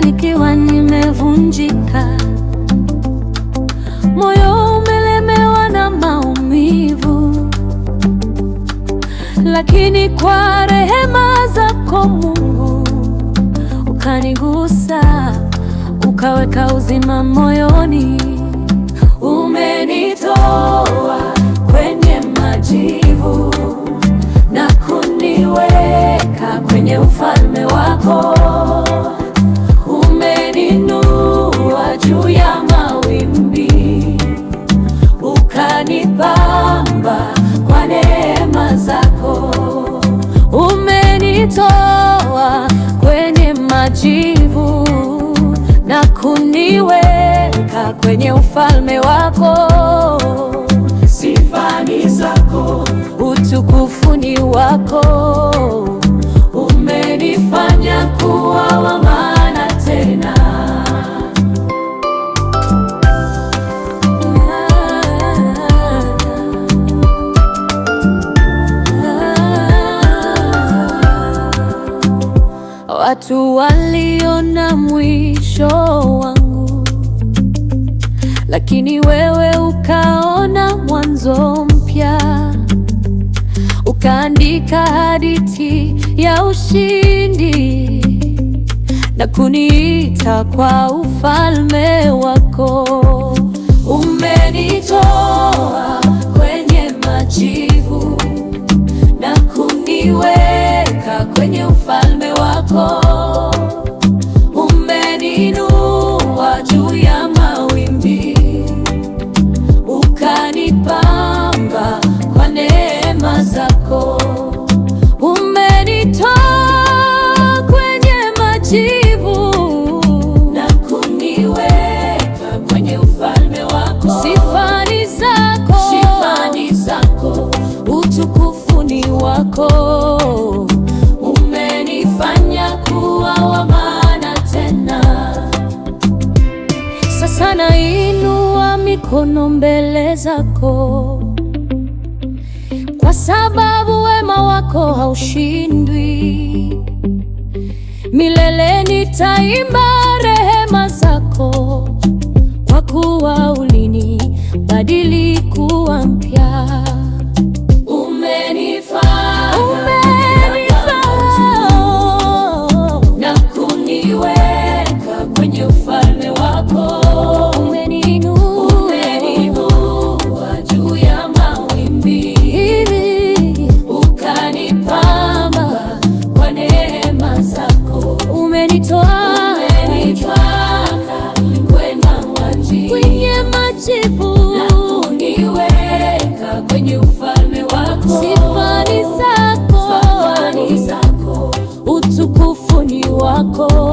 nikiwa nimevunjika, moyo umelemewa na maumivu, lakini kwa rehema zako Mungu ukanigusa, ukaweka uzima moyoni, umenitoa kwenye majivu na kuniweka kwenye ufalme wako. juu ya mawimbi, ukanipamba kwa neema zako. Umenitoa kwenye majivu na kuniweka kwenye ufalme wako. Sifa ni zako, utukufu ni wako, umenifanya kuwa wa watu waliona mwisho wangu, lakini wewe ukaona mwanzo mpya, ukaandika hadithi ya ushindi na kuniita kwa ufalme wako. kwenye ufalme wako, umeninua juu ya mawimbi, ukanipamba kwa neema zako, umenitoa kwenye majivu na kuniweka utukufu ni wako mikono mbele zako, kwa sababu wema wako haushindwi. Milele nitaimba rehema zako kwa kuwa umenitoa kwenye majivu na kwenye ufalme wako. Sifa ni zako, utukufu ni wako